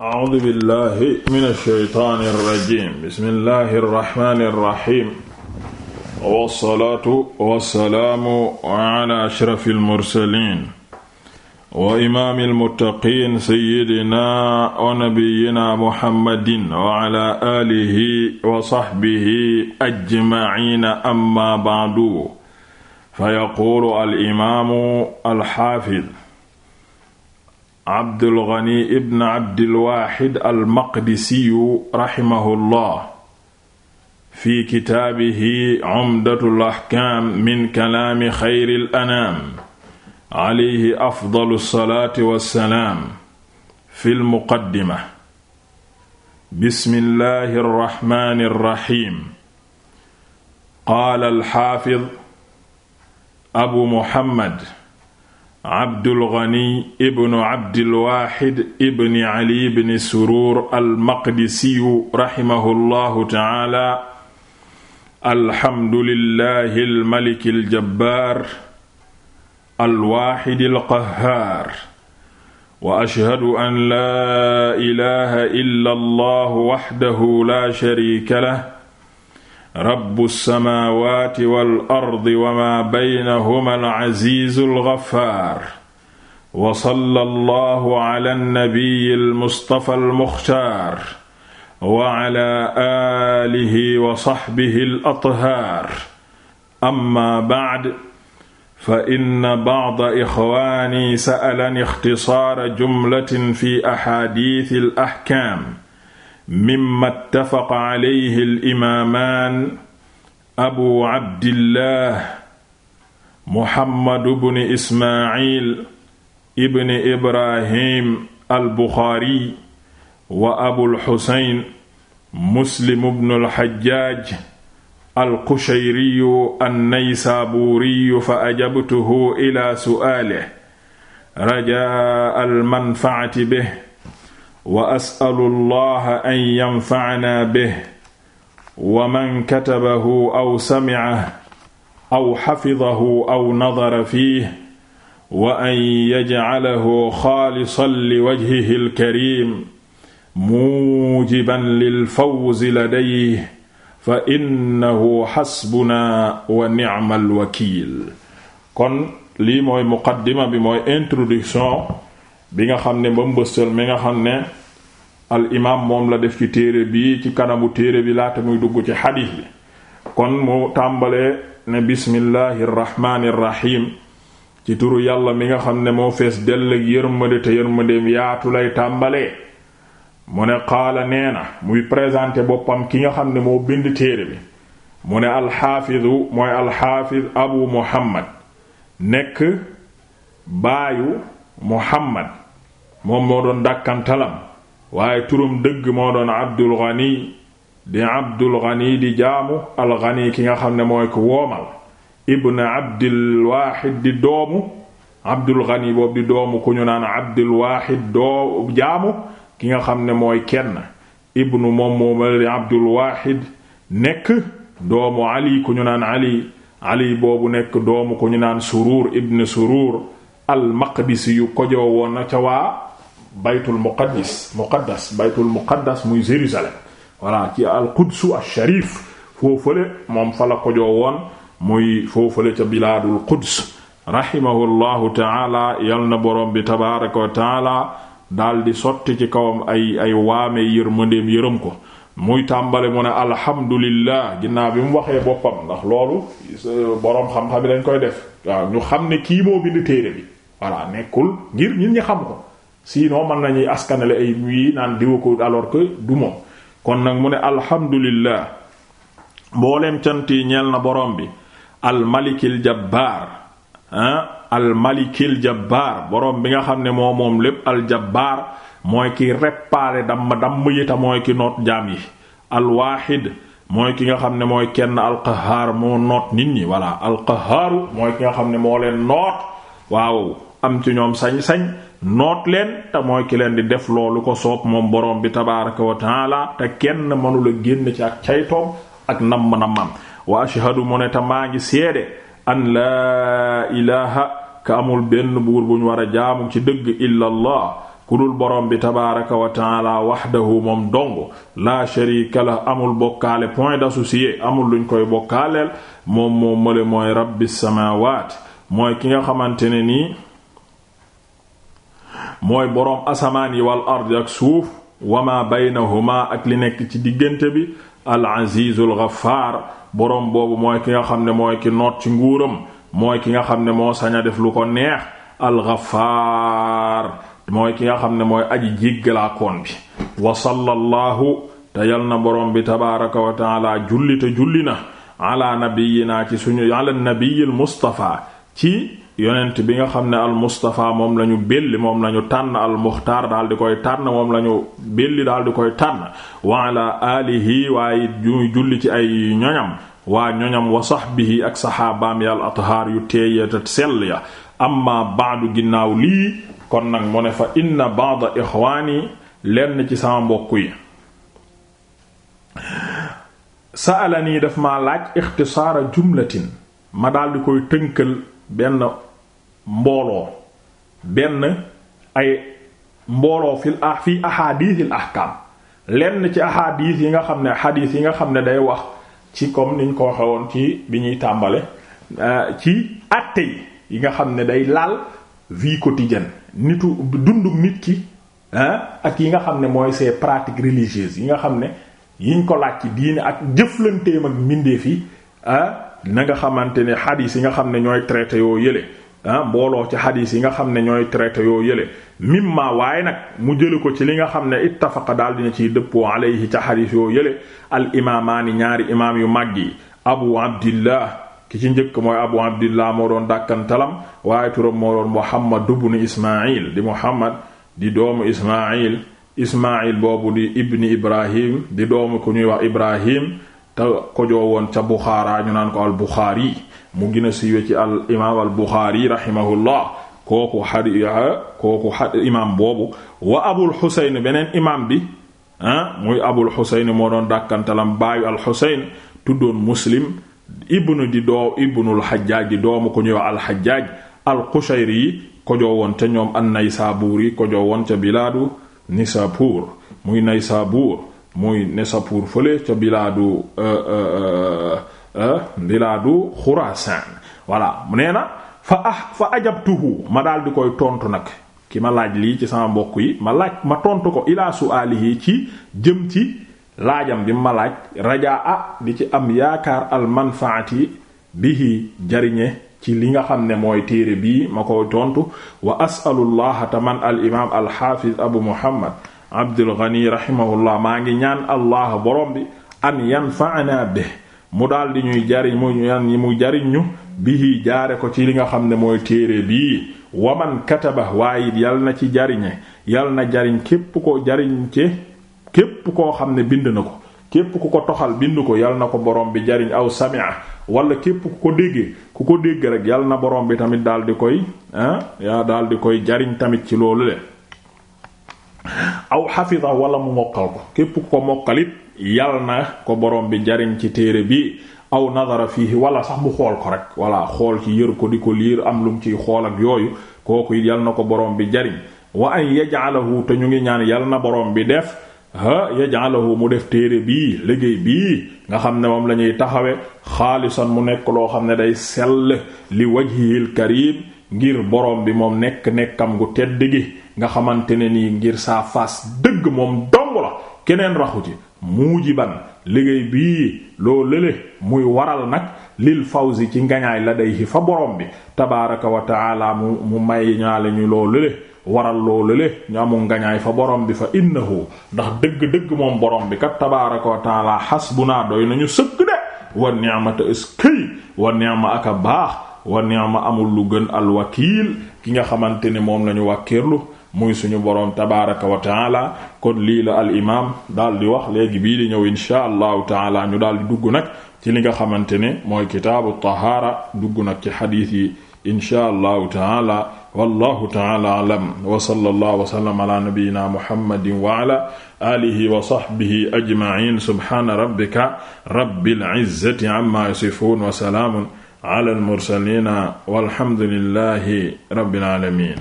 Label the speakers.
Speaker 1: a'uuzu billahi mina shaytaani rajiim bismillahi rahmaani rahiim wassalaatu wassalaamu ala ashrafil mursaliin wa imaamil muttaqiin sayyidinaa wa nabiyyinaa muhammadin wa ala aalihi wa sahbihi ajmaciina amma ba'du fa yaquulu al imaamu al xaafiz Abdul Ghani ibn Abdil Wahid al-Maqdisiyu rahimahullah fi kitaabihi Umdatul Ahkaam min kalaami xayril anaam alayhi afdalu salaati wa salaam fil muqaddima. bismillahi rahmaani rahiim. qaala al-Haafiz abu Muhammad. Abdul Ghani ibn Abdil Wahid ibn Ali ibn Surur al-Maqdisiyu rahimahullahu ta'ala alhamdulillahi al-maliki al-jabbaar al-waahidi al-qahhaar wa ashhadu an laa ilaaha illa Allah wahdahu laa shariika lahu rabbu samaawaati wal ardi wa maa baynahuma al-aziizu al-ghaffaar wa sallallahu ala nabiyyi al-mustafa al-mukhtaar wa ala aalihi wa sahbihi al-athaar amma ba'd fa inna ba'da ikhwaani sa'alani ikhtisaara jumlatin fi ahaadiithil ahkaam mimma ittafaqa alayhi al-imaamaan abu abdillah muhammadu bni ismaaciil ibni ibrahim al-buxaari wa abul xusayn muslim bnu al-xajjaaj al-qushayriyu an-naysaabuuriyu fa ajabtuhu ilaa su'aalihi rajaa'a al-manfacati bihi wa asalu allah an yanfacna bih wa man katabahu aw samicahu aw xafidahu aw nadara fiih wa an yajcalahu xaalisan liwajhihi alkarim muujiban lilfawzi ladayhi fa innahu xasbuna wa nicma alwakiil kon lii mooy muqaddima bi mooy introduction bi nga xam ne ba mbëstal mi nga xam ne al moom la def ci téere bi ci kanamu téere bi laata muy dugg ci xadiis bi kon mu tàmbalee ne bismillahi rrahmaani rrahim ci turu yàlla mi nga xam ne moo fees dell ak yërmande te yërmandeem yaatu lay tàmbalee mu ne qaala nee na muy présenté boppam ki nga xam ne moo bind téere bi mu ne alxaafidu mooy alxaafid abu muhammad nekk baayu muhammad moom moo doon dàkkantalam waaye turam dëgg moo doon Abdul Ghani di Abdul Ghani di jaamu al Ghani ki nga xam ne mooy ko woomal ibn Abdil Wahid di doomu Abdul ñu naan Abdul Wahid doo jaamu ki nga xam ne mooy kenn ibnu moom moomal di Abdul Wahid nekk doomu Ali ku ñu naan Ali Ali boobu nekk doomu ku ñu naan Surur ibn Surur al-Maqdisi yu kojoo ca waa baytul muqaddis muqaddas baytul muqaddas muy Jérusalem voilà ci al qudsu al sharif moom fa la kojoo woon muy foofale ca bilaadul quds rahimahullahu taala yal na borom bi tabaraka wa taala daal di sotti ci kawam ay ay waame yërmandeem yërëm ko muy tàmbale mu ne alhamdulillah ginnaaw bi mu waxee boppam ndax loolu borom xam-xam yi dañ koy def waaw xam ne kii moo bind téere bi voilà nekkul ngir ñun xam ko sinon mën nañuy askanale ay wii naan diwa ko alors que du moom kon nag mu ne alhamdulillah mboolem cant yi ñeel na borom bi almalikil jabbaar ah almalikil jabbaar borom bi nga xam ne moo moom lépp aljabbaar mooy ki reppaale damm damm yita mooy ki noot jaam yi alwaahid mooy ki nga xam ne mooy kenn alqahaar moo noot nit ñi walla alqahaaru mooy ki nga xam ne moo leen noot waaw am ci ñoom sañ-sañ noot leen te ki leen di def loolu ko soob moom borom bi tabaaraka wa taala te kenn mënula génn ci ak caytoom ak nam na mam wa ashhadu mu ta te maa ngi seede an laa ilaha ka amul benn buur bu ñu war a jaamu ci dëgg illa allah ku dul borom bi tabaaraka wa taala wahdahu moom dong la sharika amul bokkaale point d'associé amul luñ koy bokkaaleel moom moom male mooy rabbis samaawaat mooy ki nga xamante ne nii mooy boroom asamaan yi wal ardi ak suuf wama baynahuma ak li nekk ci diggante bi al azizul ghaffar boroom boobu mooy ki nga xam ne mooy ki noot ci nguuram mooy ki nga xam ne moo sañ a def lu ko neex al ghaffar mooy ki nga xam ne mooy aji jéggalaakoon bi wa sallallahu te yal na boroom bi tabaaraka wa taala julli te julli na ala nabiyina ci suñu ala nabiyil mustafa ci yonent bi nga xam ne al Mustafa moom lañu ñu moom la ñu tànn al Muxtaar daal di koy tànn moom lañu ñu belli daal di koy tànn wa alihi waaye ñu julli ci ay ñoñam waa ñoñam wa sahbihi ak saxaabaam yal athaar yu teeye te sell ya amma baadu ginnaaw lii kon nag mu ne fa inna baada ixwaani lenn ci sama mbokk yi sa'alanii daf ma laaj ixtisaara jumlatin ma daal di koy tënkal benn mbooloo benn ay mbooloo fil ah fii ahadiisil ahkaam lenn ci ahadis yi nga xam ne hadis yi nga xam ne day wax ci comme niñ ko waxe woon ci bi ñuy tàmbale euh, ci àtte yi nga xam ne day laal vie quotidienne nitu dundu nit ki ak yi nga xam ne mooy ses pratiques religieuses yi nga xam ne yiñ ko laaj ci ak jëflanteem ak mbindeef yi na nga xamante ne xadiis yi nga xam ne ñooy traité yoo yële ah mbooloo ci xadiis yi nga xam ne ñooy traité yoo yële mimma waaye nag mu jële ko ci li nga xam ne ittafaqa daal dina ciy dëppoo alayhi ca xadiis yoo yële al imaamaani ñaari imaam yu màgg yi abu abdillah ki ci njëkk mooy abu abdillah moo doon dàkkantalam waaye turam moo doon muhammad ibn ismail di muhammad di doomu ismail ismail boobu di ibni ibrahim di doomu ku ñuy wax ibrahim te ko joowoon ca Buxaara ñu naan ko al Buxaari mu gina si siiwe ci al imaam al Buxaari rahimahullah kooku xadi kooku imaam boobu wa Abul Xuseyn beneen imaam bi ah muy Abul Xuseyn moo doon dàkkantalam baayu al Xuseyn tuddoon Muslim ibnu di doo ibnul Xajjaaj di doomu ku ñuy al Xajjaaj al Qushayri ko joowoon ca ñoom an Naysaabuur yi ko joowoon ca bilaadu Nisaabuur muy Naysaabuur muy Nisapur fële ca bilaadu euh, euh, euh, bilaadu Xuraasaan voilà mu nee na fa ah fa ajabtuhu ma daal di koy tontu nag ki ma laaj lii ci sama mbokk yi ma laaj ma tontu ko ilaa su'aalihi ci jëm ci laajam bi ma laaj rajaa ah di ci am yaakaar al manfaati bihi jariñe ci li nga xam ne mooy téere bii ma ko tontu wa asalullaha taman al imaam al xaafiz abu muhammad Abdul Ghani rahimahullah maa ngi ñaan allah borom bi an yanfa'ana bi mu daal di ñuy jariñ mu mu jariñ ñu bihi jaare ko ci li nga xam ne mooy téere bii waman kataba waaye yal na ci jariñe yal na jariñ képp ko jariñ ci képp koo xam ne bind na ko képp ku ko toxal bind ko yal na ko borom bi jariñ aw sami'a wala képp ku ko déggee ku ko dégg rek yal na borom bi tamit daal di koy ah koy jariñ tamit ci loolu le aw xafida wala mu mokkal ko képp ko mokkalit yal na ko borom bi jariñ ci téere bi aw nadara fii wala sax mu xool ko rek wala xool ci yër ko di ko liir am lum ci xool ak yooyu kooku yi yal na ko borom bi jariñ wa an yaj'alahu te ñu ngi ñaan yal na borom bi def ha yaj'alahu mu def téere bii liggéey bii nga xam ne moom la ñuy taxawe xaalisan mu nekk loo xam ne day sell li wajhihil karim ngir borom bi moom nekk nekkam gu tedd gi nga xamante ne nii ngir saa fas dëgg moom dong la keneen raxu ci muujiban liggéey bii loo lële muy waral nag lil fawzi ci ngañaay la day fa borom bi tabaaraka wa mu mu may ñaale ñu loo lële waral loo lële ñu ngañaay fa borom bi fa innahu ndax dëgg-dëgg moom borom bi kat tabaaraka xas bu naa doy nañu sëkk de wa ni'mata eskay wa ni'ma aka baax wa ni'ma amul lu gën alwakiil ki nga xamante ne moom lañu wàkkiirlu muy suñu boroom tabaaraka wa taala kon lii la al imaam daal di wax léegi bii di ñëw insha allahu taala ñu daal di dugg nag ci li nga xamante ne mooy kitaabu tahaara dugg nag ci xadiis yi insha allahu taala wallahu taala alam wa sallallahu wa sallam ala nabiyyina muhammadin wa ala alihi wa sahbihi ajma'in subhana rabbika rabbil izzati amma yasifun wa salamun ala almursalina walhamdulillahi rabbil alamin